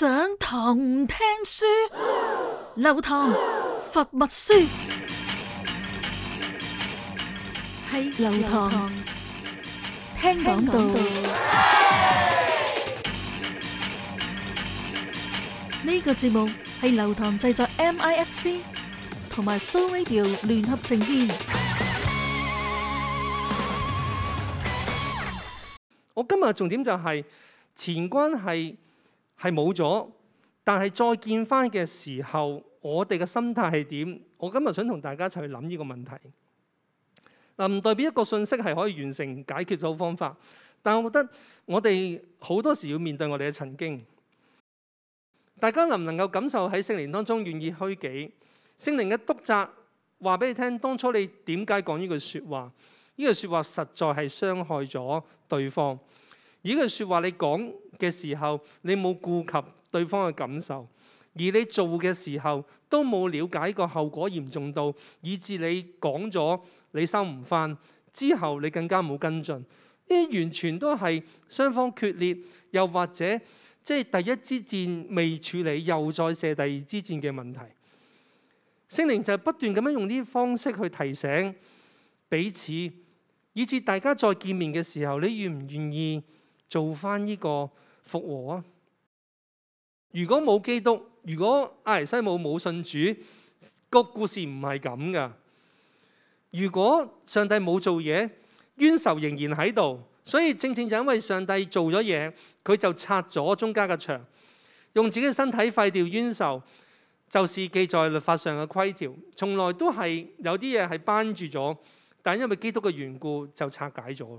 上堂聽書，流堂發密書，係流堂聽講道。呢個節目係流堂製作 MIFC 同埋 So Radio 聯合呈現。我今日重點就係前關係。係冇咗，但係再見返嘅時候，我哋嘅心態係點？我今日想同大家一齊去諗呢個問題。嗱、呃，唔代表一個信息係可以完成解決到方法，但我覺得我哋好多時要面對我哋嘅曾經。大家能唔能夠感受喺聖靈當中願意虛己？聖靈嘅督責話俾你聽：當初你點解講呢句說話？呢句說話實在係傷害咗對方。依句説話，你講嘅時候，你冇顧及對方嘅感受，而你做嘅時候都冇了解個後果嚴重度，以至你講咗你收唔翻，之後你更加冇跟進，呢啲完全都係雙方決裂，又或者即係第一支箭未處理，又再射第二支箭嘅問題。聖靈就不斷咁樣用呢啲方式去提醒彼此，以至大家再見面嘅時候，你願唔願意？做翻呢個復和啊！如果冇基督，如果阿歷、哎、西姆冇信主，這個故事唔係咁噶。如果上帝冇做嘢，冤仇仍然喺度。所以正正就因為上帝做咗嘢，佢就拆咗中間嘅牆，用自己身體廢掉冤仇，就是記在律法上嘅規條。從來都係有啲嘢係綁住咗，但因為基督嘅緣故就拆解咗。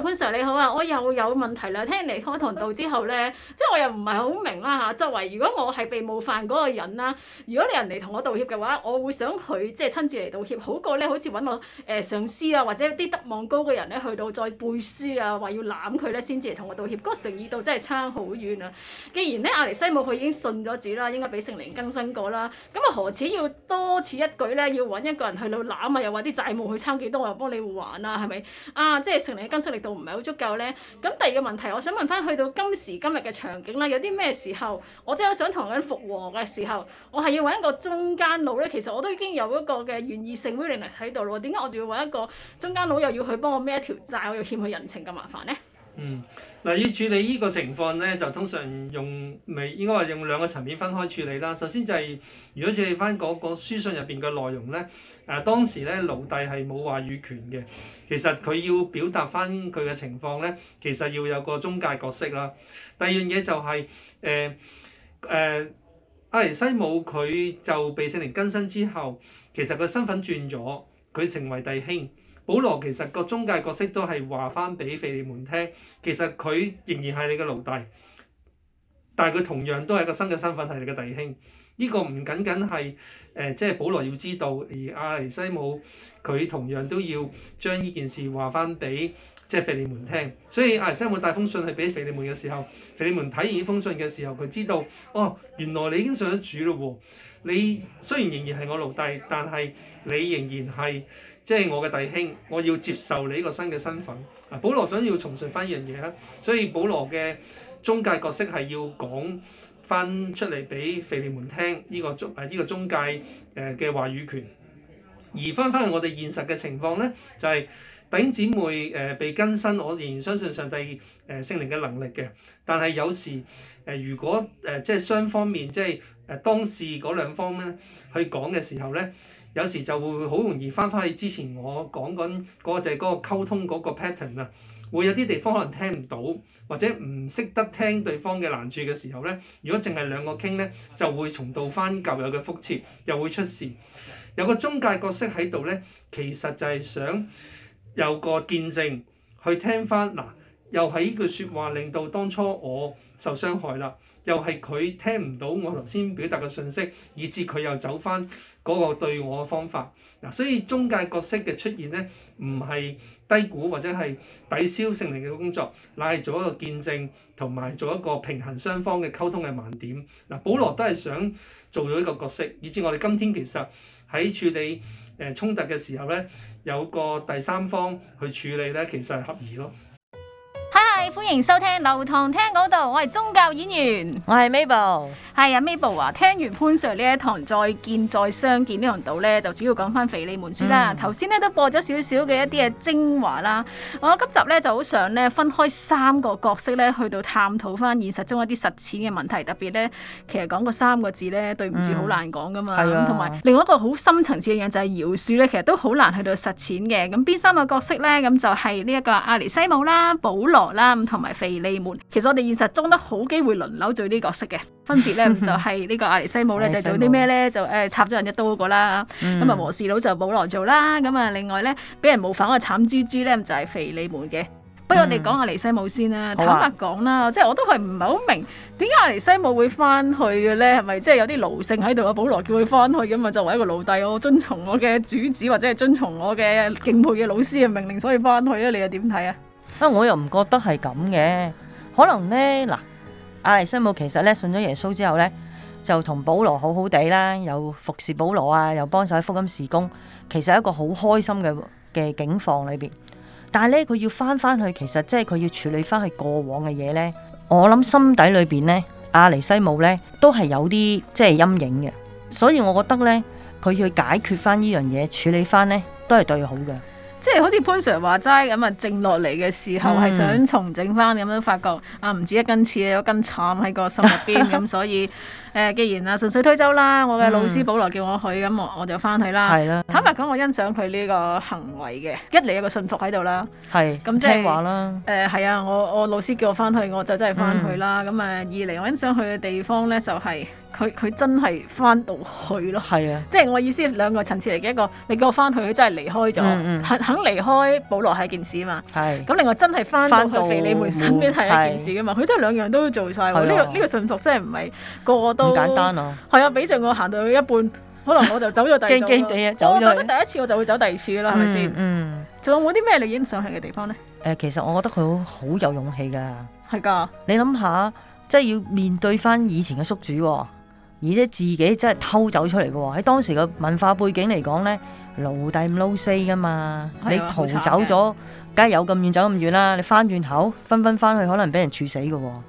潘 Sir 你好啊，我又有問題啦。聽完你開堂道之後咧，即係我又唔係好明啦嚇。作為如果我係被冒犯嗰個人啦，如果你人嚟同我道歉嘅話，我會想佢即係親自嚟道歉，好過咧好似揾我誒、呃、上司啊，或者啲德望高嘅人咧去到再背書啊，話要攬佢咧先至嚟同我道歉，嗰誠意度真係差好遠啊。既然咧阿里西姆佢已經信咗主啦，應該俾聖靈更新過啦，咁啊何止要多此一舉咧？要揾一個人去到攬啊，又話啲債務去差幾多，我又幫你還啊，係咪？啊，即係聖靈更新力。唔係好足夠咧，咁第二個問題，我想問翻去到今時今日嘅場景啦，有啲咩時候我真係想同人復和嘅時候，我係要揾一個中間佬咧。其實我都已經有一個嘅願意性 willing 喺喺度咯，點解我仲要揾一個中間佬又要去幫我孭一條債，我又欠佢人情咁麻煩咧？嗯，嗱要處理呢個情況咧，就通常用未應該話用兩個層面分開處理啦。首先就係、是，如果處理翻嗰個書信入邊嘅內容咧，誒、啊、當時咧奴隸係冇話語權嘅，其實佢要表達翻佢嘅情況咧，其實要有個中介角色啦。第二樣嘢就係、是，誒誒阿尼西母佢就被聖靈更新之後，其實佢身份轉咗，佢成為弟兄。保羅其實個中介角色都係話翻俾腓利門聽，其實佢仍然係你嘅奴隸，但係佢同樣都係一個新嘅身份係你嘅弟兄。呢、這個唔僅僅係誒，即、呃、係、就是、保羅要知道，而阿尼西姆佢同樣都要將呢件事話翻俾即係腓利門聽。所以阿尼西姆帶封信係俾腓利門嘅時候，腓利門睇完呢封信嘅時候，佢知道哦，原來你已經信咗主嘞喎。你雖然仍然係我奴隸，但係你仍然係。即係我嘅弟兄，我要接受你呢個新嘅身份。啊，保羅想要重述翻一樣嘢啦，所以保羅嘅中介角色係要講翻出嚟俾腓利門聽，呢、呢個中啊依、呢個中介誒嘅話語權。而翻翻去我哋現實嘅情況咧，就係弟兄姊妹誒被更新，我仍然相信上帝誒聖靈嘅能力嘅。但係有時誒，如果誒即係雙方面即係誒當事嗰兩方咧去講嘅時候咧。有時就會好容易翻返去之前我講緊嗰就係嗰個溝通嗰個 pattern 啊，會有啲地方可能聽唔到，或者唔識得聽對方嘅難處嘅時候咧，如果淨係兩個傾咧，就會重蹈翻舊有嘅覆轍，又會出事。有個中介角色喺度咧，其實就係想有個見證去聽翻嗱，又喺呢句説話令到當初我受傷害啦。又係佢聽唔到我頭先表達嘅信息，以至佢又走翻嗰個對我嘅方法。嗱、啊，所以中介角色嘅出現咧，唔係低估或者係抵消聖靈嘅工作，乃係做一個見證，同埋做一個平衡雙方嘅溝通嘅盲點。嗱、啊，保羅都係想做咗呢個角色，以至我哋今天其實喺處理誒、呃、衝突嘅時候咧，有個第三方去處理咧，其實係合宜咯。歡迎收聽《流堂聽講道》，我係宗教演員，我係 Mabel，係啊 Mabel 啊！聽完潘 Sir 呢一堂《再見再相見》呢堂道咧，就主要講翻《肥利門書》啦。頭先咧都播咗少少嘅一啲嘅精華啦。我今集咧就好想咧分開三個角色咧去到探討翻現實中一啲實踐嘅問題，特別咧其實講個三個字咧對唔住好難講噶嘛，咁同埋另外一個好深層次嘅嘢就係饒恕咧，其實都好難去到實踐嘅。咁邊三個角色咧，咁就係呢一個阿尼西姆啦、保羅啦。啦啦同埋腓利門，其實我哋現實中都好機會輪流做呢角色嘅，分別咧就係、是、呢個阿尼西姆咧 就做啲咩咧就誒插咗人一刀嗰個啦，咁啊、嗯、和事佬就保羅做啦，咁啊另外咧俾人冒犯嘅慘豬豬咧就係、是、腓利門嘅。不如我哋講阿尼西姆先啦、啊，嗯、坦白講啦，啊、即係我都係唔係好明點解阿尼西姆會翻去嘅咧，係咪即係有啲奴性喺度啊？保羅叫佢翻去咁啊，作為一個奴隸，我遵從我嘅主旨，或者係遵從我嘅敬佩嘅老師嘅命令，所以翻去咧，你又點睇啊？啊！我又唔覺得係咁嘅，可能呢，嗱，阿尼西姆其實咧信咗耶穌之後呢，就同保羅好好地啦，又服侍保羅啊，又幫手喺福音事工，其實一個好開心嘅嘅境況裏邊。但係呢，佢要翻翻去，其實即係佢要處理翻去過往嘅嘢呢。我諗心底裏邊呢，阿尼西姆呢，都係有啲即係陰影嘅，所以我覺得呢，佢去解決翻呢樣嘢，處理翻呢，都係對好嘅。即係好似潘 Sir 話齋咁啊，靜落嚟嘅時候係想重整翻，咁樣、嗯、發覺啊，唔止一根刺，有根鏽喺個心入邊，咁 所以誒、呃，既然啊順水推舟啦，我嘅老師保羅叫我去，咁我、嗯、我就翻去啦。係啦的，坦白講，我欣賞佢呢個行為嘅，一嚟有個信服喺度啦，係咁的聽話啦。誒係啊，我我老師叫我翻去，我就真係翻去啦。咁啊、嗯，二嚟我欣賞佢嘅地方咧，就係、是。佢佢真係翻到去咯，係啊！即係我意思兩個層次嚟嘅一個，你叫我翻去佢真係離開咗，肯肯離開保羅係一件事嘛。係。咁另外真係翻到去腓利門身邊係一件事噶嘛，佢真係兩樣都做晒。呢個呢個信服真係唔係個個都咁簡單咯。係啊，比着我行到去一半，可能我就走咗第二。驚驚地啊！走咗第一次我就會走第二次啦，係咪先？仲有冇啲咩你印象深刻嘅地方咧？誒，其實我覺得佢好有勇氣㗎。係㗎。你諗下，即係要面對翻以前嘅宿主喎。而且自己真係偷走出嚟嘅喎，喺當時嘅文化背景嚟講咧，奴隸唔撈死噶嘛，的你逃走咗，梗係有咁遠走咁遠啦，你翻轉頭，分分翻去可能俾人處死嘅喎、哦。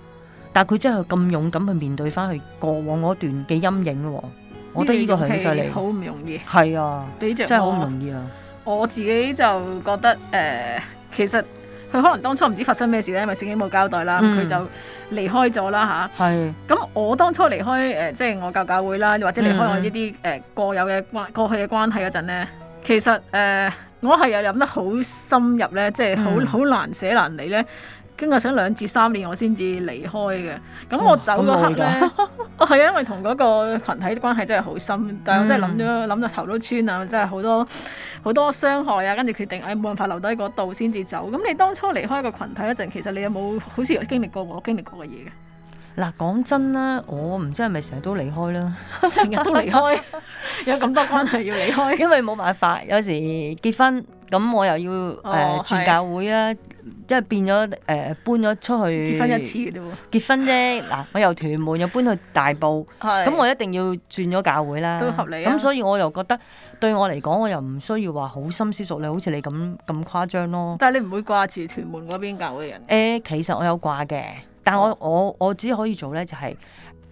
但係佢真係咁勇敢去面對翻去過往嗰段嘅陰影喎、哦。嗯、我覺得呢個係，好犀利，好唔容易，係啊，俾著真係好唔容易啊！我自己就覺得誒、呃，其實。佢可能當初唔知發生咩事咧，因為死已冇交代啦，佢、嗯、就離開咗啦吓，係是，咁我當初離開誒，即、呃、係、就是、我教教會啦，或者離開我呢啲誒過有嘅關過去嘅關係嗰陣咧，嗯、其實誒、呃、我係又諗得好深入咧，即係好好難捨難離咧。經過想兩至三年我先至離開嘅，咁我走嗰刻咧，我係啊， 哦、因為同嗰個羣體嘅關係真係好深，但係我真係諗咗，諗到頭都穿啊，真係好多好、嗯、多傷害啊，跟住決定唉冇辦法留低嗰度先至走。咁你當初離開個群體嗰陣，其實你有冇好似經歷過我經歷過嘅嘢嘅？嗱，講真啦，我唔知係咪成日都離開啦，成日 都離開， 有咁多關係要離開。 因為冇辦法，有時結婚。咁我又要誒、呃哦、轉教會啊，的因為變咗誒、呃、搬咗出去結婚一次嘅啫喎，結婚啫嗱， 我由屯門又搬去大埔，咁 我一定要轉咗教會啦，都合理。咁所以我又覺得對我嚟講，我又唔需要話好深思熟慮，好似你咁咁誇張咯。但係你唔會掛住屯門嗰邊教會人誒、呃？其實我有掛嘅，但我我我只可以做咧，就係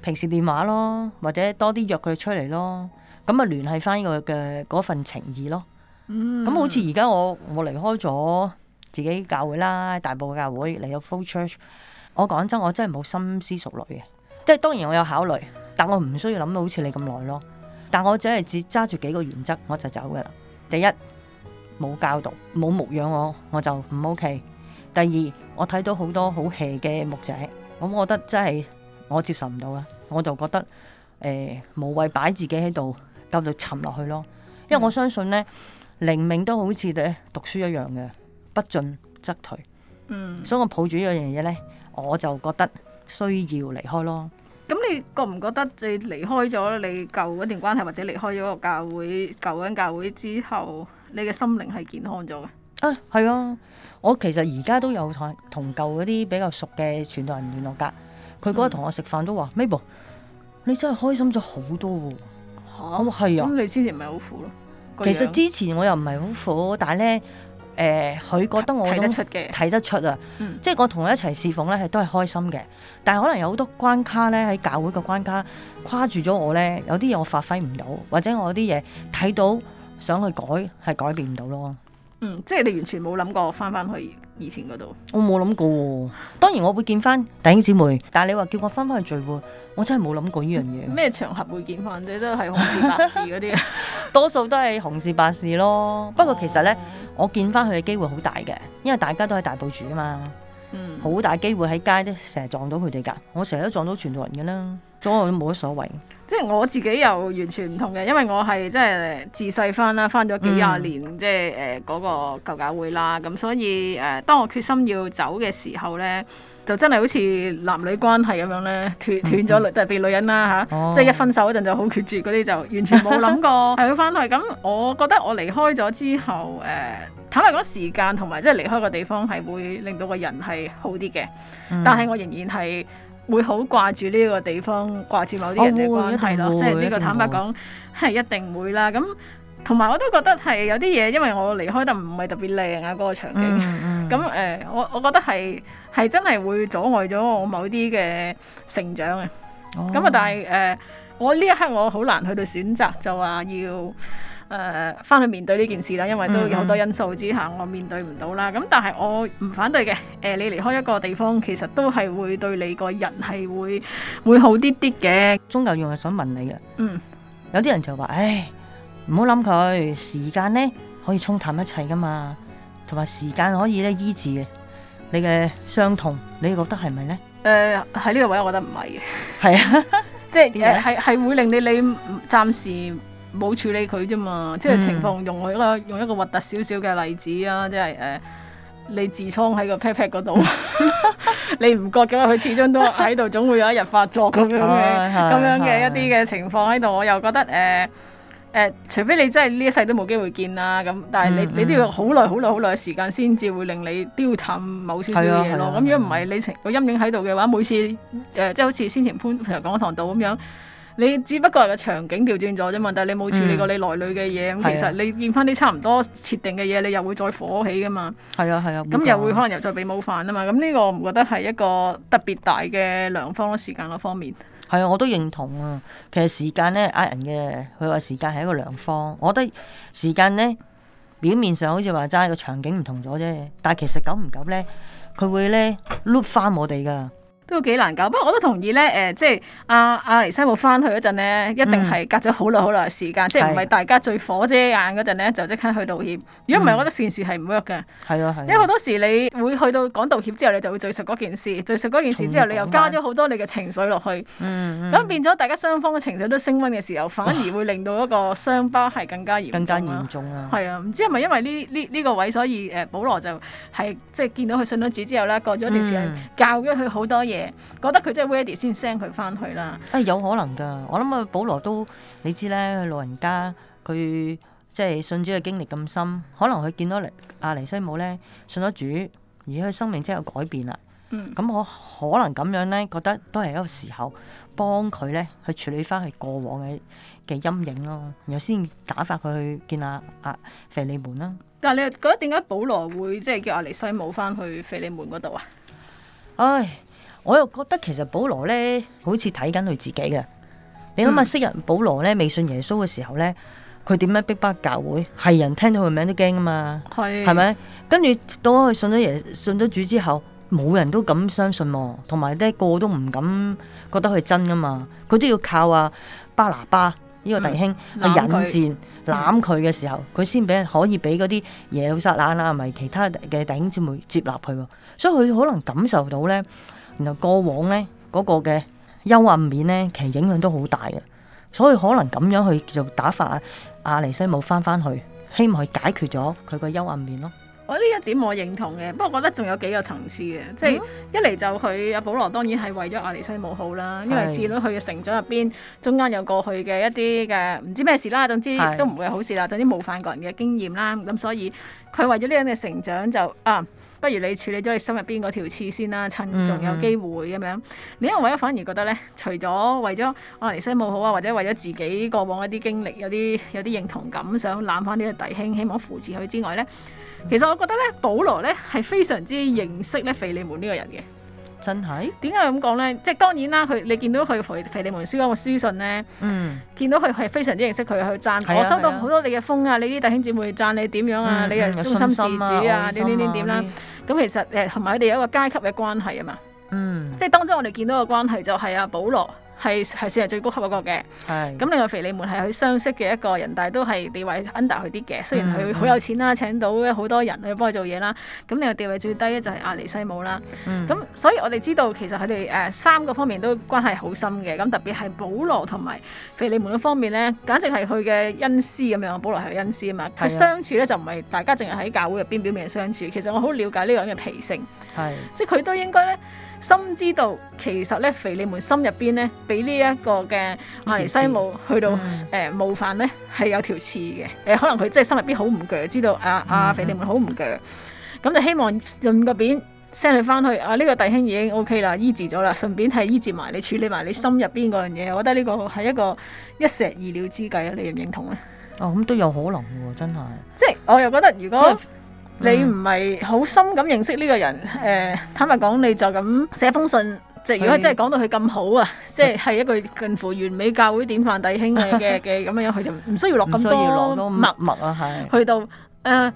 平時電話咯，或者多啲約佢出嚟咯，咁啊聯繫返個嘅嗰份情義咯。咁好似而家我我離開咗自己教會啦，大埔嘅教會嚟到 Full Church，我講真，我真係冇心思熟慮嘅，即係當然我有考慮，但我唔需要諗到好似你咁耐咯。但我只係只揸住幾個原則我就走噶啦。第一，冇教導冇牧養我，我就唔 OK。第二，我睇到好多好邪嘅牧者，咁我覺得真係我接受唔到啦，我就覺得誒、呃、無謂擺自己喺度夠到沉落去咯，因為我相信咧。嗯靈命都好似咧讀書一樣嘅，不進則退。嗯，所以我抱住呢樣嘢咧，我就覺得需要離開咯。咁、嗯、你覺唔覺得你離開咗你舊嗰段關係，或者離開咗個教會，舊緊教會之後，你嘅心靈係健康咗嘅？啊，係啊，我其實而家都有同同舊嗰啲比較熟嘅傳道人聯絡噶。佢嗰日同我食飯都話、嗯、：，Mable，你真係開心咗好多喎、哦。吓，係啊。咁你之前唔係好苦咯？嗯其實之前我又唔係好苦，但係咧，誒、呃，佢覺得我都睇得出啊，睇得出嗯、即係我同佢一齊侍奉咧，係都係開心嘅。但係可能有好多關卡咧，喺教會嘅關卡跨住咗我咧，有啲嘢我發揮唔到，或者我啲嘢睇到想去改，係改變唔到咯。嗯，即係你完全冇諗過翻翻去。以前嗰度，我冇諗過，哦。當然我會見翻弟兄姊妹，但係你話叫我翻返去聚會，我真係冇諗過呢樣嘢。咩場合會見翻啫？你都係紅事白事嗰啲， 多數都係紅事白事咯。啊，不過其實呢，我見翻佢嘅機會好大嘅，因為大家都喺大埔住啊嘛。好、嗯，大機會喺街都成日撞到佢哋噶。我成日都撞到傳道人噶啦，我都冇乜所謂。即係我自己又完全唔同嘅，因為我係即係自細翻啦，翻咗幾廿年、嗯、即係誒嗰個舊教會啦，咁所以誒、呃，當我決心要走嘅時候咧，就真係好似男女關係咁樣咧，斷斷咗就係、是、被女人啦嚇，啊哦、即係一分手嗰陣就好決絕嗰啲，就完全冇諗過係要翻去。咁 我覺得我離開咗之後，誒、呃，坦白講時間同埋即係離開個地方係會令到個人係好啲嘅，嗯、但係我仍然係。會好掛住呢個地方，掛住某啲人嘅關係咯，即係呢個坦白講係一,一定會啦。咁同埋我都覺得係有啲嘢，因為我離開得唔係特別靚啊，嗰、那個場景。咁誒、嗯嗯 呃，我我覺得係係真係會阻礙咗我某啲嘅成長嘅。咁啊，但係誒、呃，我呢一刻我好難去到選擇，就話要。誒，翻、呃、去面對呢件事啦，因為都有好多因素之下，我面對唔到啦。咁但係我唔反對嘅。誒、呃，你離開一個地方，其實都係會對你個人係會會好啲啲嘅。宗教演員係想問你嘅，嗯，有啲人就話，唉，唔好諗佢，時間呢可以沖淡一切噶嘛，同埋時間可以咧醫治你嘅傷痛，你覺得係咪呢？誒、呃，喺呢個位，我覺得唔係嘅。係啊 即，即係係係會令你你暫時。冇處理佢啫嘛，即係情況用一個、嗯、用一個核突少少嘅例子啊，即係誒你痔瘡喺個 pat pat 嗰度，你唔 覺嘅嘛，佢始終都喺度，總會有一日發作咁樣咁、哎、樣嘅一啲嘅情況喺度，我又覺得誒誒、呃呃，除非你真係呢一世都冇機會見啦咁，但係你、嗯、你都要好耐好耐好耐嘅時間先至會令你丟淡某少少嘢咯，咁如果唔係你情個陰影喺度嘅話，每次誒、呃、即係好似先前潘如講堂度咁樣。你只不過係個場景調轉咗啫嘛，但係你冇處理過你內裏嘅嘢，咁、嗯、其實你見返啲差唔多設定嘅嘢，你又會再火起噶嘛。係啊係啊，咁、嗯嗯、又會、嗯、可能又再俾冒犯啊嘛。咁呢、嗯、個我唔覺得係一個特別大嘅良方咯，時間嗰方面。係啊，我都認同啊。其實時間咧，呃人嘅。佢話時間係一個良方，我覺得時間咧，表面上好似話齋個場景唔同咗啫，但係其實久唔久咧，佢會咧碌翻我哋噶。都幾難搞，不過我都同意咧。誒、呃，即係阿阿尼西姆返去嗰陣咧，一定係隔咗好耐好耐時間，嗯、即係唔係大家最火遮眼嗰陣咧就即刻去道歉。如果唔係，我覺得善事係唔 work 嘅。嗯嗯、因為好多時你會去到講道歉之後，你就會追溯嗰件事，追溯嗰件事之後，你又加咗好多你嘅情緒落去。嗯咁、嗯、變咗大家雙方嘅情緒都升溫嘅時候，反而會令到一個傷疤係更加嚴更加嚴重啊！係啊，唔、嗯啊啊、知係咪因為呢呢呢個位，所以保、呃、羅就係、是、即係見到佢信咗主之後咧，過咗一段時間、嗯、教咗佢好多嘢。覺得佢真係 ready 先 send 佢翻去啦。啊、哎，有可能噶，我諗啊，保羅都你知咧，老人家佢即係信主嘅經歷咁深，可能佢見到阿、啊、尼西姆咧信咗主，而佢生命真係有改變啦。嗯，咁我可能咁樣咧，覺得都係一個時候幫佢咧去處理翻佢過往嘅嘅陰影咯，然後先打發佢去見阿阿腓利門啦。但係你又覺得點解保羅會即係、就是、叫阿尼西姆翻去腓利門嗰度啊？唉、哎。我又覺得其實保羅咧，好似睇緊佢自己嘅。你諗下，昔日保羅咧未信耶穌嘅時候咧，佢點樣逼迫教會？係人聽到佢名都驚啊嘛，係咪是？跟住到咗佢信咗耶信咗主之後，冇人都敢相信，同埋咧個個都唔敢覺得佢真噶嘛。佢都要靠啊巴拿巴呢、呢個弟兄去、嗯、引薦攬佢嘅時候，佢先俾可以俾嗰啲耶路撒冷啊，咪其他嘅弟兄姊妹接納佢喎。所以佢可能感受到咧。然後過往呢嗰、嗰個嘅幽暗面呢，其實影響都好大嘅，所以可能咁樣去就打發阿尼西姆返返去，希望佢解決咗佢個幽暗面咯。我呢一點我認同嘅，不過我覺得仲有幾個層次嘅，即係一嚟就佢阿、嗯、保羅當然係為咗阿尼西姆好啦，是因為至到佢嘅成長入邊，中間有過去嘅一啲嘅唔知咩事啦，總之都唔會好事啦，是總之冒犯個人嘅經驗啦，咁所以佢為咗呢樣嘅成長就啊。不如你處理咗你心入邊嗰條刺先啦、啊，趁仲有機會咁樣。你、mm. 因為我反而覺得咧，除咗為咗阿尼西姆好啊，或者為咗自己過往一啲經歷有啲有啲認同感，想攬翻啲弟兄，希望扶持佢之外咧，其實我覺得咧，保羅咧係非常之認識咧腓利門呢個人嘅。真係，點解咁講咧？即係當然啦，佢你見到佢腓利門書嗰個書信咧，嗯，見到佢係非常之認識佢去讚，啊、我收到好多你嘅風啊，啊你啲弟兄姊妹讚你點樣啊，嗯、你又忠心事主啊，啊啊點點點點啦，咁、嗯、其實誒，同埋佢哋有一個階級嘅關係啊嘛，嗯，即係當中我哋見到嘅關係就係阿、啊、保羅。係係算係最高級一個嘅，咁是另外腓利門係佢相識嘅一個人，但係都係地位 under 佢啲嘅。雖然佢好有錢啦，嗯、請到好多人去幫佢做嘢啦。咁另外地位最低咧就係阿尼西姆啦。咁、嗯、所以我哋知道其實佢哋誒三個方面都關係好深嘅。咁特別係保羅同埋腓利門方面咧，簡直係佢嘅恩師咁樣。保羅係佢恩師啊嘛，佢、啊、相處咧就唔係大家淨係喺教會入邊表面相處。其實我好了解呢個人嘅脾性，的的即係佢都應該咧。心知道其實咧，肥利門心入邊咧，俾呢一個嘅阿尼西姆去到誒、嗯呃、冒犯咧，係有條刺嘅。誒、呃、可能佢即係心入邊好唔鋸，知道啊，阿、嗯啊、肥利門好唔鋸，咁、嗯嗯、就希望順個便 send 你翻去。啊呢、呢個弟兄已經 OK 啦，醫治咗啦，順便係醫治埋你，處理埋你心入邊嗰樣嘢。我覺得呢個係一個一石二鳥之計啊！你認唔認同啊？哦，咁都有可能喎，真係。即係我又覺得如果，你唔係好深咁認識呢個人，誒，坦白講，你就咁寫封信，即係如果真係講到佢咁好啊，即係係一句近乎完美教會典範弟兄嘅嘅咁樣，佢就唔需要落咁多蜜蜜啊，係去到誒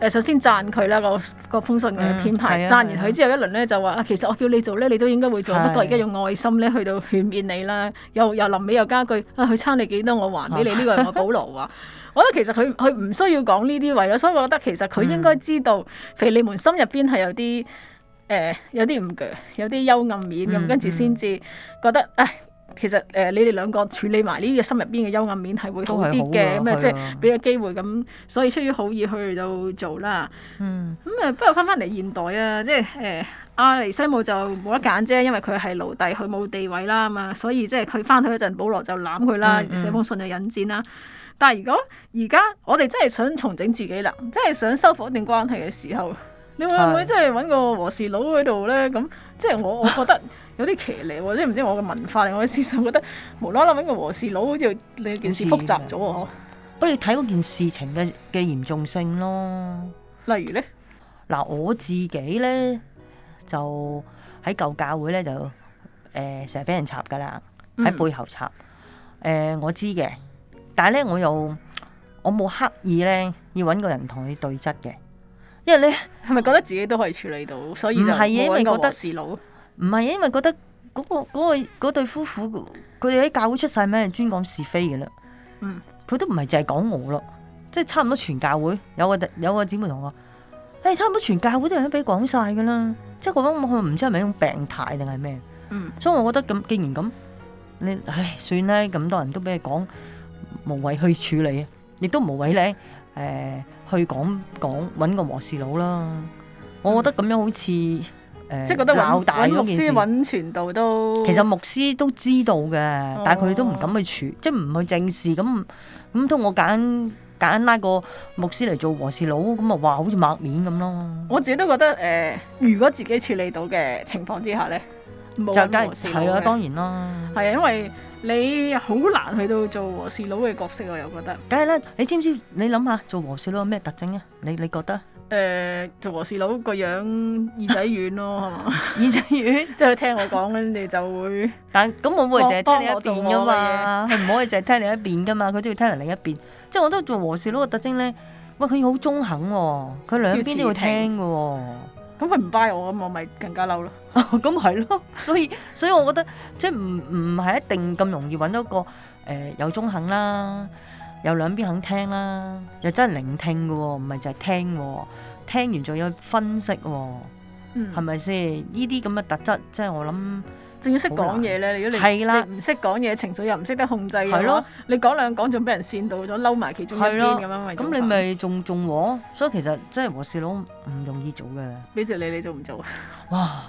誒，首先讚佢啦，個個封信嘅編排，讚完佢之後一輪咧就話啊，其實我叫你做咧，你都應該會做，不過而家用愛心咧去到勸勉你啦，又又臨尾又加句啊，佢差你幾多我還俾你，呢個係我保羅啊。」我覺得其實佢佢唔需要講呢啲位咯，所以我覺得其實佢應該知道腓利門心入邊係有啲誒有啲唔句，有啲幽暗面咁，跟住先至覺得唉，其實誒你哋兩個處理埋呢個心入邊嘅幽暗面係會好啲嘅咁啊，即係俾個機會咁，所以出於好意去到做啦。嗯，咁啊，不過翻翻嚟現代啊，即係誒阿尼西姆就冇得揀啫，因為佢係奴隸，佢冇地位啦嘛，所以即係佢翻去嗰陣，保羅就攬佢啦，寫封信就引薦啦。但係如果而家我哋真係想重整自己啦，真係想修復一段關係嘅時候，你會唔會真係揾個和事佬喺度咧？咁的即係我我覺得有啲騎呢，或者唔知我嘅文化令我嘅思想，覺得無啦啦揾個和事佬，好似呢件事複雜咗啊！不是吧你睇嗰件事情嘅嘅嚴重性咯。例如咧，嗱我自己咧就喺舊教會咧就誒成日俾人插噶啦，喺背後插。誒、嗯呃，我知嘅。但係咧，我又我冇刻意咧，要揾個人同佢對質嘅，因為咧係咪覺得自己都可以處理到，所以唔係啊，因為覺得事佬唔係啊， 因為覺得嗰、那個嗰、那個、那個、對夫婦佢哋喺教會出晒咩專講是非嘅啦。嗯，佢都唔係淨係講我咯，即係差唔多全教會有個有個姊妹同我誒、欸，差唔多全教會啲人都俾講晒噶啦，即係覺得我唔知係咪一種病態定係咩？嗯、所以我覺得咁既然咁，你唉算啦，咁多人都俾你講。無謂去處理啊，亦都無謂咧誒、呃、去講講揾個和事佬啦。我覺得咁樣好似誒，呃、即係覺得鬧大咗件事，揾傳道都。其實牧師都知道嘅，哦、但係佢都唔敢去處，即係唔去正視。咁咁都我揀揀拉個牧師嚟做和事佬，咁啊話，好似抹面咁咯。我自己都覺得誒、呃，如果自己處理到嘅情況之下咧，事呢就梗係係啊，當然啦。係啊，因為。你好難去到做和事佬嘅角色，我又覺得。梗係啦，你知唔知？你諗下做和事佬有咩特徵啊？你你覺得？誒、呃，做和事佬個樣耳仔軟咯，係嘛？耳仔軟， 即係聽我講咧，你就會但。但咁我唔可以淨係聽你一邊㗎嘛？佢唔可以淨係聽你一邊㗎嘛？佢都要聽人另一邊。即係我覺得做和事佬嘅特徵咧，喂，佢好中肯喎、哦，佢兩邊都要聽㗎喎。咁佢唔拜我咁，我咪更加嬲咯。咁係咯，所以所以我覺得即係唔唔係一定咁容易揾到個誒、呃、有中肯啦，有兩邊肯聽啦，又真係聆聽嘅喎、哦，唔係就係聽喎、哦，聽完仲要分析喎、哦，係咪先？呢啲咁嘅特質，即係我諗。仲要識講嘢咧，如果你唔識講嘢，情緒又唔識得控制嘅話，你講兩講仲俾人煽動咗，嬲埋其中一邊咁樣，咁你咪仲仲和？所以其實真係和事佬唔容易做嘅。俾著你，你做唔做？哇！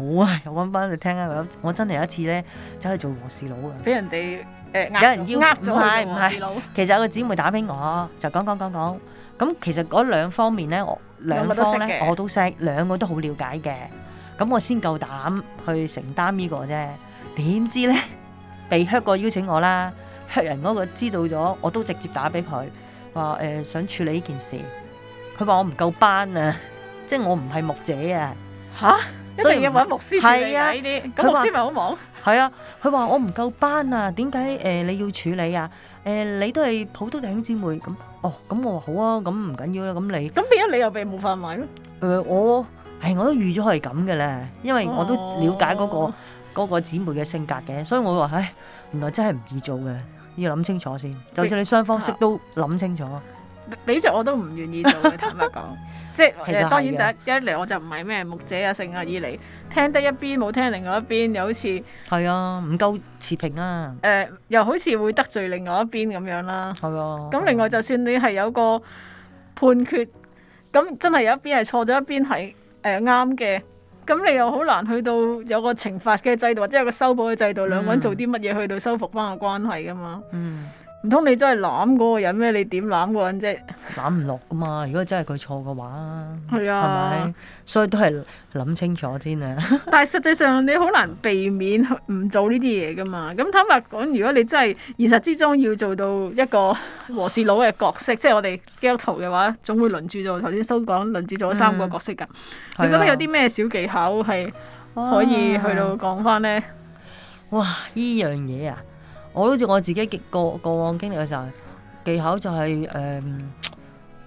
我啊又揾翻你聽啊，我真係有一次咧，走去做和事佬啊，俾人哋誒有人要唔係唔係，其實有個姊妹打俾我，就講講講講。咁其實嗰兩方面咧，我兩方咧我都識，兩個都好了解嘅。咁我先夠膽去承擔個呢個啫，點知咧被 hurt 過邀請我啦 hurt 人嗰個知道咗，我都直接打俾佢話誒想處理呢件事，佢話我唔夠班啊，即係我唔係牧者啊，吓、啊？一定要揾牧師處理呢啲，咁、啊、牧師咪好忙，係啊，佢話我唔夠班啊，點解誒你要處理啊？誒、呃、你都係普通弟兄姊妹咁，哦，咁我話好啊，咁唔緊要、啊、啦，咁你，咁變咗你又被冒犯埋咯，誒、呃、我。唉，我都預咗係咁嘅啦，因為我都了解嗰、嗰個嗰姊、哦、妹嘅性格嘅，所以我話唉，原來真係唔易做嘅，要諗清楚先。就算你雙方識都諗清楚，俾着、嗯嗯、我都唔願意做 坦白講，即係 當然第一一嚟我就唔係咩牧者嘅性格、啊，二嚟聽得一邊冇聽另外一邊，又好似係啊，唔夠持平啊，誒、呃、又好似會得罪另外一邊咁樣啦。係咁、啊啊、另外就算你係有個判決，咁真係有一邊係錯咗，一邊係。係啱嘅，咁你又好難去到有個懲罰嘅制度，或者有個修補嘅制度，兩個人做啲乜嘢去到修復翻個關係噶嘛？唔通你真係攬嗰個人咩？你點攬個人啫？攬唔落噶嘛？如果真係佢錯嘅話，係啊，係咪？所以都係諗清楚先啊。 但係實際上你好難避免唔做呢啲嘢噶嘛。咁坦白講，如果你真係現實之中要做到一個和事佬嘅角色，哇即係我哋 g o t 嘅話，總會輪住做。頭先蘇講輪住做三個角色噶。嗯、你覺得有啲咩小技巧係可以去到講翻呢哇？哇！呢樣嘢啊！我好似我自己嘅過過往經歷嘅時候，技巧就係、是、誒、呃，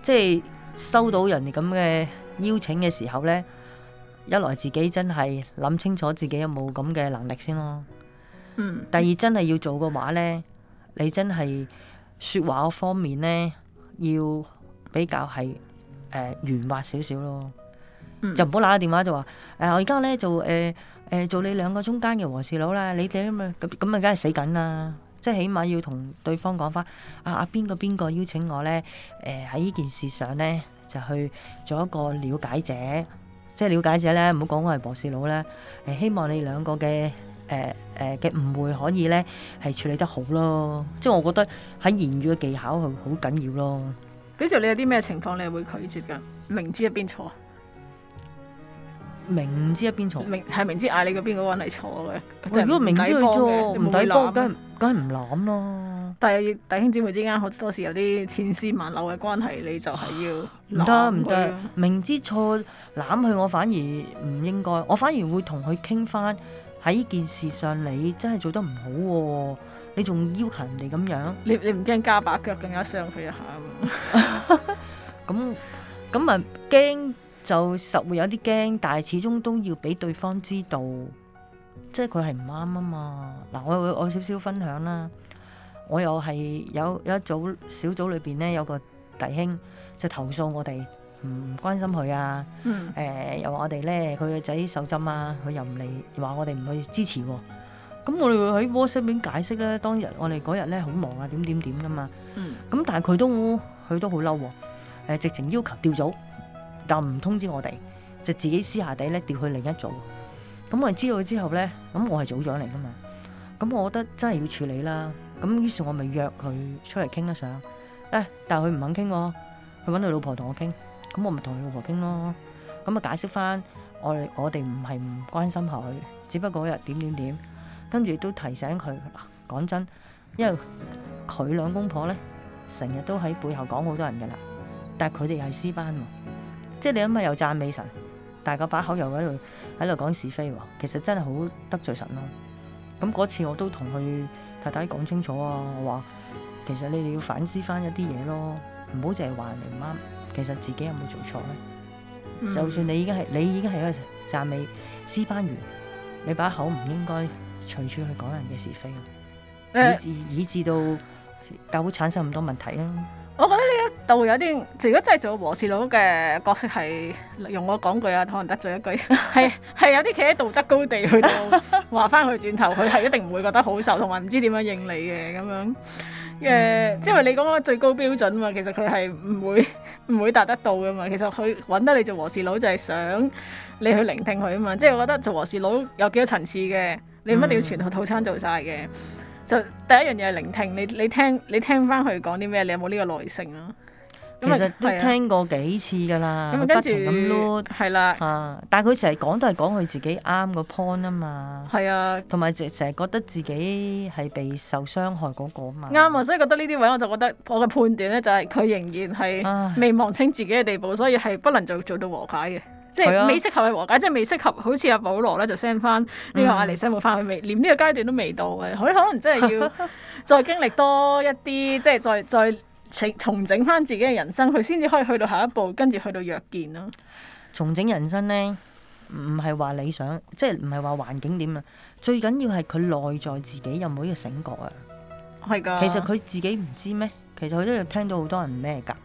即係收到人哋咁嘅邀請嘅時候咧，一來自己真係諗清楚自己有冇咁嘅能力先咯。嗯。第二真係要做嘅話咧，你真係説話方面咧，要比較係誒、呃、圓滑少少咯。嗯、就唔好打個電話就話誒、呃，我而家咧就誒誒做你兩個中間嘅和事佬啦。你哋咁啊梗係死緊啦！即係起碼要同對方講翻啊啊，邊個邊個邀請我咧？誒喺呢件事上咧就去做一個了解者，即係了解者咧唔好講我係和事佬咧。誒、呃、希望你兩個嘅誒誒嘅誤會可以咧係處理得好咯。即係我覺得喺言語嘅技巧好緊要咯。比如你有啲咩情況你係會拒絕㗎？明知係邊錯。明，明知一邊錯，明係明知嗌你嗰邊嗰位係錯嘅，如果明知佢唔抵幫，梗係梗係唔攬咯。但係弟兄姊妹之間好多時有啲千絲萬縷嘅關係，你就係要唔得唔得。明知錯攬佢，我反而唔應該，我反而會同佢傾翻喺呢件事上，你真係做得唔好，啊，你仲要求人哋咁樣？你你唔驚加把腳更加傷佢一下嗎？咁咁咪驚？就實會有啲驚，但係始終都要俾對方知道，即係佢係唔啱啊嘛！嗱、啊，我我有少少分享啦，我又係有有一組小組裏邊咧有個弟兄就投訴我哋唔關心佢啊，誒、嗯呃、又話我哋咧佢個仔受浸啊，佢又唔嚟話我哋唔去支持喎、啊，咁我哋喺 WhatsApp 邊解釋咧，當日我哋嗰日咧好忙啊，點點點噶嘛，咁、嗯、但係佢都佢都好嬲、啊，誒直情要求調組。就唔通知我哋，就自己私下底咧調去另一組。咁我哋知道咗之後咧，咁我係組長嚟噶嘛。咁我覺得真係要處理啦。咁於是我咪約佢出嚟傾得上。誒，但係佢唔肯傾我，佢揾佢老婆同我傾。咁我咪同佢老婆傾咯。咁咪解釋翻我哋，我哋唔係唔關心下佢，只不過嗰日點點點。跟住都提醒佢嗱，講真，因為佢兩公婆咧成日都喺背後講好多人㗎啦，但係佢哋又係私班喎。即係你諗下又讚美神，但係個把口又喺度喺度講是非喎，其實真係好得罪神咯、啊。咁嗰次我都同佢太太講清楚啊，我話其實你哋要反思翻一啲嘢咯，唔好淨係話你唔啱，其實自己有冇做錯咧？嗯、就算你已經係你已經係一個讚美詩班員，你把口唔應該隨處去講人嘅是非、嗯以，以至到教會產生咁多問題咧、啊。我覺得呢一度有啲，如果真係做和事佬嘅角色係用我講句啊，可能得罪一句，係係 有啲企喺道德高地去話翻佢，轉 頭佢係一定唔會覺得好受，同埋唔知點樣應你嘅咁樣嘅，yeah, 嗯、因為你講個最高標準嘛，其實佢係唔會唔 會達得到噶嘛，其實佢搵得你做和事佬就係想你去聆聽佢啊嘛，即係我覺得做和事佬有幾多層次嘅，你唔一定要全套套餐做晒嘅。嗯。就第一樣嘢係聆聽，你你聽你聽翻佢講啲咩？你有冇呢個耐性啊？其實都聽過幾次噶啦，咁、嗯、跟住咁咯，係啦、啊，的但係佢成日講都係講佢自己啱個 point 啊嘛，係啊的，同埋成日覺得自己係被受傷害嗰個嘛，啱啊！所以覺得呢啲位我就覺得我嘅判斷咧就係佢仍然係未望清自己嘅地步，唉所以係不能再做做到和解嘅。即係未適合去和解， 即係未適合。 好似阿保羅咧就 send 翻呢個阿尼西姆翻去未， 連呢個階段都未到嘅。佢可能真係要再經歷多一啲， 即係再再重整翻自己嘅人生，佢先至可以去到下一步，跟住去到約見咯。重整人生咧，唔係話理想，即係唔係話環境點啊？最緊要係佢內在自己有冇一個醒覺啊？係噶。 其實佢自己唔知咩，其實佢都聽到好多人咩噶，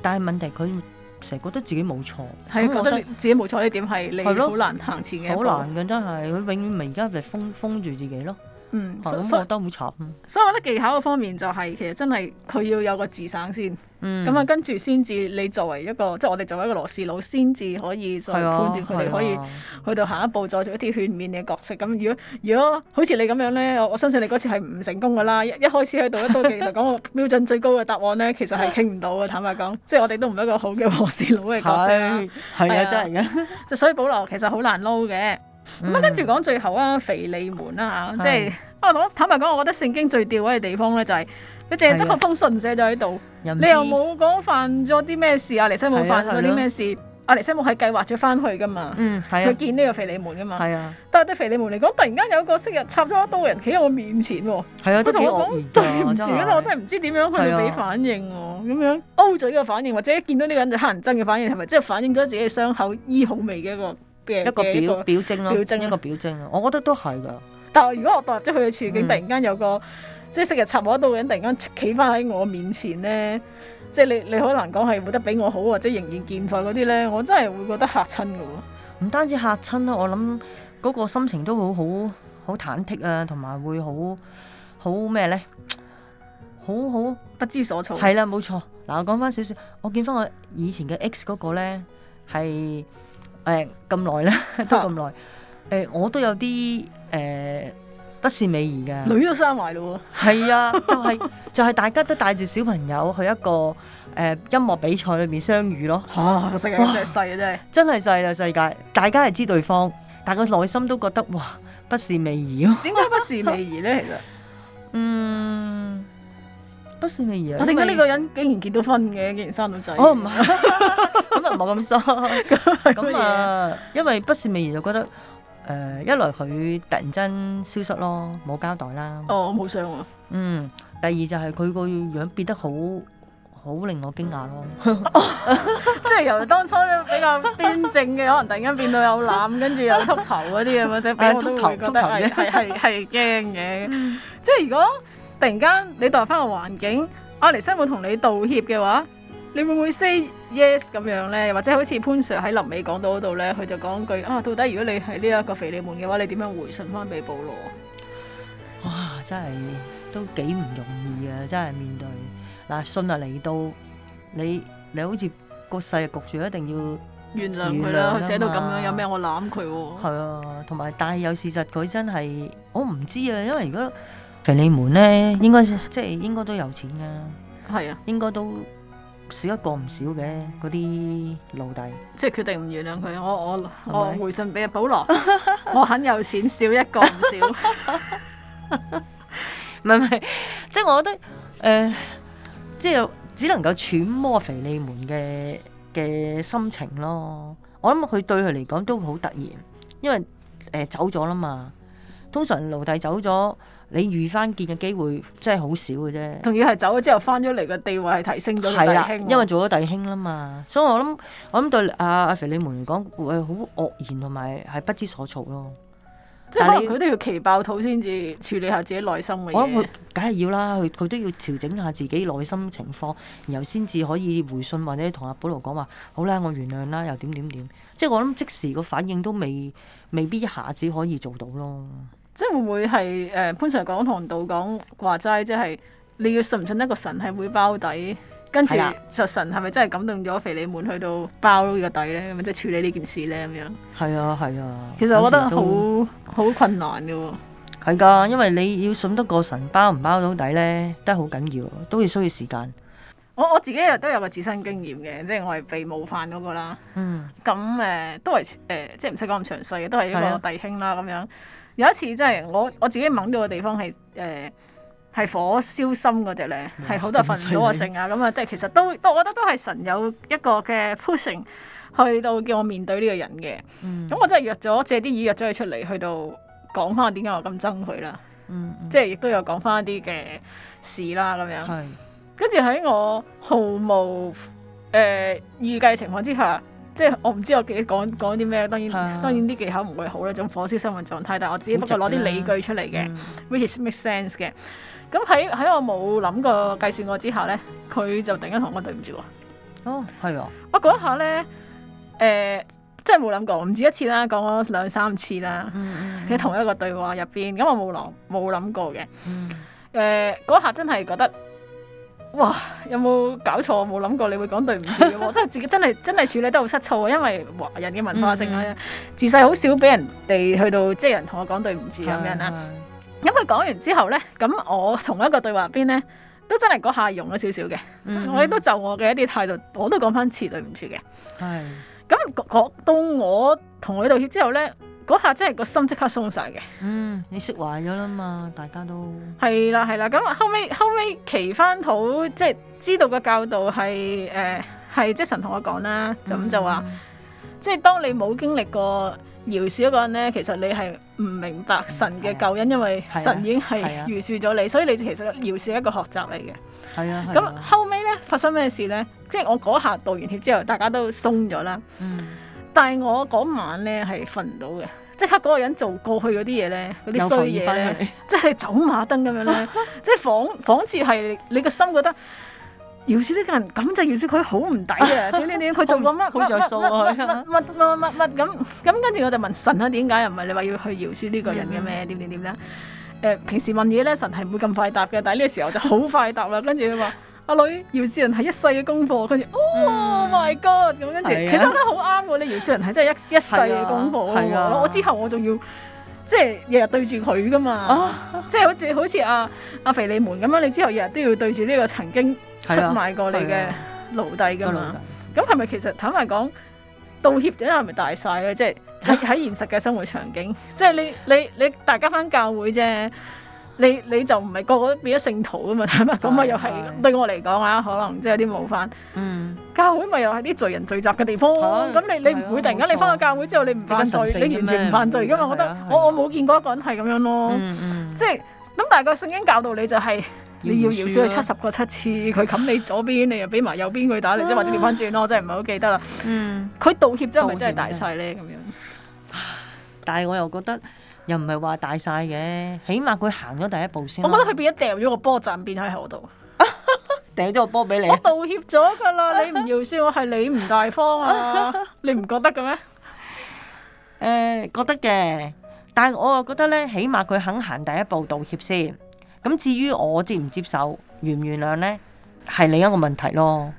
但係問題佢。成日覺得自己冇錯，係啊覺，覺得自己冇錯呢點係你好難行前嘅，好難嘅真係，佢永遠咪而家就封封住自己咯。嗯，都冇錯。所以我覺得技巧嘅方面就係、是、其實真係佢要有個自省先。咁啊、嗯、跟住先至你作為一個，即係我哋作為一個和事佬，先至可以再判斷佢哋、啊啊、可以去到下一步，再做一啲勸勉嘅角色。咁如果如果好似你咁樣咧，我相信你嗰次係唔成功噶啦一。一開始喺度一到其實講個標準最高嘅答案咧，其實係傾唔到嘅。坦白講，即係我哋都唔係一個好嘅和事佬嘅角色啦、啊，係 啊真係嘅。就 所以，保羅其實好難撈嘅。咁啊，跟住講最後啊，腓利門啦嚇，即係啊，坦白講，我覺得聖經最吊位嘅地方咧，就係佢淨係得個封信寫咗喺度，你又冇講犯咗啲咩事啊，尼西姆犯咗啲咩事？阿尼西姆係計劃咗翻去噶嘛？佢見呢個腓利門噶嘛？係啊，但係對腓利門嚟講，突然間有個昔日插咗刀嘅人企喺我面前喎。係啊，都幾愕然。佢同我講，對唔住，我真係唔知點樣去哋俾反應喎，咁樣 O 嘴嘅反應，或者一見到呢個人就乞人憎嘅反應，係咪即係反映咗自己嘅傷口醫好未嘅一個？一個表表徵咯、啊，啊、一個表徵、啊， 我覺得都係噶。但係如果我代入咗佢嘅處境，嗯、突然間有個即係成日插我喺度嘅人，突然間企翻喺我面前咧，即係你你可能講係活得比我好或者仍然健在嗰啲咧，我真係會覺得吓親噶喎！唔單止吓親啦，我諗嗰個心情都好好好忐忑啊，同埋會好好咩咧？好好不知所措。係啦，冇錯。嗱，我講翻少少，我見翻我以前嘅 X 嗰個咧係。誒，咁耐啦，都咁耐。誒、呃，我都有啲誒、呃，不是美儀嘅女都生埋咯。係 啊，就係、是、就係、是，大家都帶住小朋友去一個誒、呃、音樂比賽裏面相遇咯。吓、啊，世界真係細啊，哇真係。真係細啊世界，大家係知對方，但佢內心都覺得哇，不是美儀啊。點 解不是美儀咧？其實，嗯。不善未兒啊，我點解呢個人竟然結到婚嘅，竟然生到仔？哦，唔係咁啊，冇咁生咁啊，因為不善未然就覺得誒、呃，一來佢突然間消失咯，冇交代啦。哦，冇聲、啊、嗯，第二就係佢個樣變得好，好令我驚訝咯。 即係由當初比較端正嘅，可能突然間變到有攬，跟住又禿頭嗰啲咁啊，即係俾我覺得係係係驚嘅。即係如果。突然間你代翻個環境，阿尼西姆會同你道歉嘅話，你會唔會 say yes 咁樣咧？或者好似潘 Sir 喺臨尾講到嗰度咧，佢就講句啊，到底如果你係呢一個肥利門嘅話，你點樣回信翻俾保羅？哇，真係都幾唔容易啊！真係面對嗱信啊嚟到你，你好似個世焗住，一定要原諒佢啦。佢寫到咁樣有，有咩我攬佢？係啊，同埋、啊、但係有事實，佢真係我唔知啊，因為如果。肥利門咧，應該即係應該都有錢噶，係啊，應該都少一個唔少嘅嗰啲奴隸，即係決定唔原諒佢。我我是是我回信俾阿保羅， 我很有錢，少一個唔少。唔係唔係，即係我覺得誒，即係只能夠揣摩肥利門嘅嘅心情咯。我諗佢對佢嚟講都好突然，因為誒、呃、走咗啦嘛。通常奴隸走咗。你遇翻見嘅機會真係好少嘅啫，仲要係走咗之後翻咗嚟嘅地位係提升咗。係啦，因為做咗弟兄啦嘛，所以我諗我諗對阿阿、啊、腓利門嚟講會好愕然同埋係不知所措咯。即係是可能佢你都要奇爆肚先至處理下自己內心嘅嘢。我諗佢梗係要啦，佢佢都要調整下自己內心情況，然後先至可以回信或者同阿保羅講話。好啦，我原諒啦，又點點點。即係我諗即時個反應都未未必一下子可以做到咯。即係會唔會係誒、呃、潘 Sir 講同道講話齋，即、就、係、是、你要信唔信得個神係會包底？跟住就神係咪真係感動咗腓利門去到包呢個底咧？咁即係處理呢件事咧？咁樣係啊，係啊。其實我覺得好好困難噶喎。係噶，因為你要信得個神包唔包到底咧，都係好緊要，都要需要時間。我我自己亦都有個自身經驗嘅，即係我係被冒犯嗰個啦。咁誒、嗯呃，都係誒、呃，即係唔使講咁詳細嘅，都係一，的一個弟兄啦，咁樣。有一次真係我我自己掹到嘅地方係誒係火燒心嗰隻咧，係好哇多人瞓唔到啊，成啊咁啊！即、嗯、係其實都，都我覺得都係神有一個嘅 pushing 去到叫我面對呢個人嘅。咁、嗯、我真係約咗借啲意約咗佢出嚟，去到講翻點解我咁憎佢啦。嗯嗯、即係亦都有講翻一啲嘅事啦咁樣。是跟住喺我毫無誒、呃、預計情況之下。即係我唔知我自己講講啲咩，當然當然啲技巧唔會好啦，一種火燒新聞狀態。但我只不過攞啲理據出嚟嘅、嗯、，which makes sense 嘅。咁喺喺我冇諗過計算過之後咧，佢就突然間同我對唔住喎。哦，係啊、哦，我嗰一下咧，誒、呃，真係冇諗過，唔止一次啦，講咗兩三次啦，喺、嗯嗯、同一個對話入邊。咁我冇攞冇諗過嘅。誒、嗯，嗰、呃、一下真係覺得。哇！有冇搞錯？冇諗過你會講對唔住嘅喎，真係自己真係真係處理得好失措。因為華人嘅文化性，自細好少俾人哋去到即係、就是、人同我講對唔住咁樣啦。咁佢講完之後咧，咁我同一個對話邊咧，都真係嗰下融咗少少嘅。Mm hmm. 我亦都就我嘅一啲態度，我都講翻次對唔住嘅。係咁講到我同佢道歉之後咧。嗰下真係個心即刻鬆晒嘅，嗯，你釋懷咗啦嘛，大家都係啦係啦，咁後尾後尾祈返禱，即係知道個教導係誒係，即係神同我講啦，嗯、就咁就話，嗯、即係當你冇經歷過饒恕一個人咧，其實你係唔明白神嘅救恩，嗯、因為神已經係饒恕咗你，所以你其實饒恕一個學習嚟嘅，係啊，咁的後尾咧發生咩事咧？即、就、係、是、我嗰下道完歉之後，大家都鬆咗啦。嗯但係我嗰晚咧係瞓唔到嘅，即刻嗰個人做過去嗰啲嘢咧，嗰啲衰嘢咧，即係走馬燈咁樣咧，即係仿仿似係你個心覺得饒恕呢個人咁就饒恕佢好唔抵啊！點點點，佢、啊 so、做過乜，佢就傻啊！乜乜乜乜乜咁咁，跟住我就問神啊，點解又唔係你話要去饒恕、嗯、呢個人嘅咩？點點點咧？誒，平時問嘢咧，神係唔會咁快答嘅，但係呢個時候就好快答啦，跟住佢話。阿女，饒恕人係一世嘅功課，跟住哦，my God 咁，跟住，其實我覺得好啱喎。你饒恕人係真係一一世嘅功課， 啊啊、我之後我仲要即係、就是、日日對住佢㗎嘛，即係、啊扛就是、好似好似阿阿腓利門咁樣，你之後日日都要對住呢個曾經出賣過你嘅奴隸㗎嘛。咁係咪其實坦白講道歉者係咪大晒嘞？即係喺喺現實嘅生活場景，即 係你你你，你大家返教會啫。你你就唔係個個都變咗聖徒啊嘛，咁啊又係對我嚟講啊，可能即係有啲冒犯。教會咪又係啲罪人聚集嘅地方，咁你你唔會突然間你翻到教會之後你唔犯罪，你完全唔犯罪，㗎嘛。我覺得我我冇見過一個人係咁樣咯，即係咁。但係個聖經教導你就係你要饒恕佢七十個七次，佢冚你左邊，你又俾埋右邊佢打你，即係或者調翻轉咯，我真係唔係好記得啦。佢道歉之後咪真係大晒咧？咁樣？但係我又覺得又唔係話大晒嘅，起碼佢行咗第一步先。我覺得佢變咗掉咗個波站，變喺河度，掉咗個波俾你。我道歉咗噶啦，你唔要先，我係你唔大方啊！你唔覺得嘅咩？誒，覺得嘅，但係我又覺得咧，起碼佢肯行第一步道歉先。咁至於我接唔接受、原唔原諒咧，係另一個問題咯。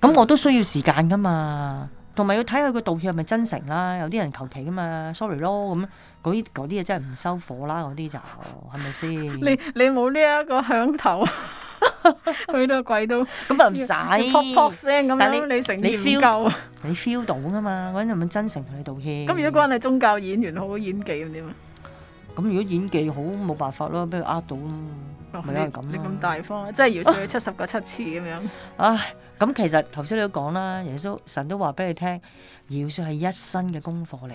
咁我都需要時間噶嘛。同埋要睇下佢道歉係咪真誠啦，有啲人求其噶嘛，sorry 咯，咁嗰啲嗰啲啊真係唔收火啦，嗰啲就係咪先？你你冇呢一個響頭，去到鬼都咁又唔使，噗噗聲咁樣你成你 feel 唔夠，你 feel 到噶嘛嗰個人真誠同你道歉。咁如果嗰人係宗教演員，好好演技咁點啊？咁如果演技好，冇辦法咯，俾佢呃到咯，咪係咁，你咁大方，即係饒恕佢七十個七次咁樣。唉。咁其實頭先你都講啦，耶穌神都話俾你聽，要說係一生嘅功課嚟㗎。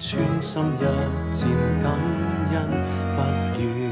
穿心一箭，感恩不怨。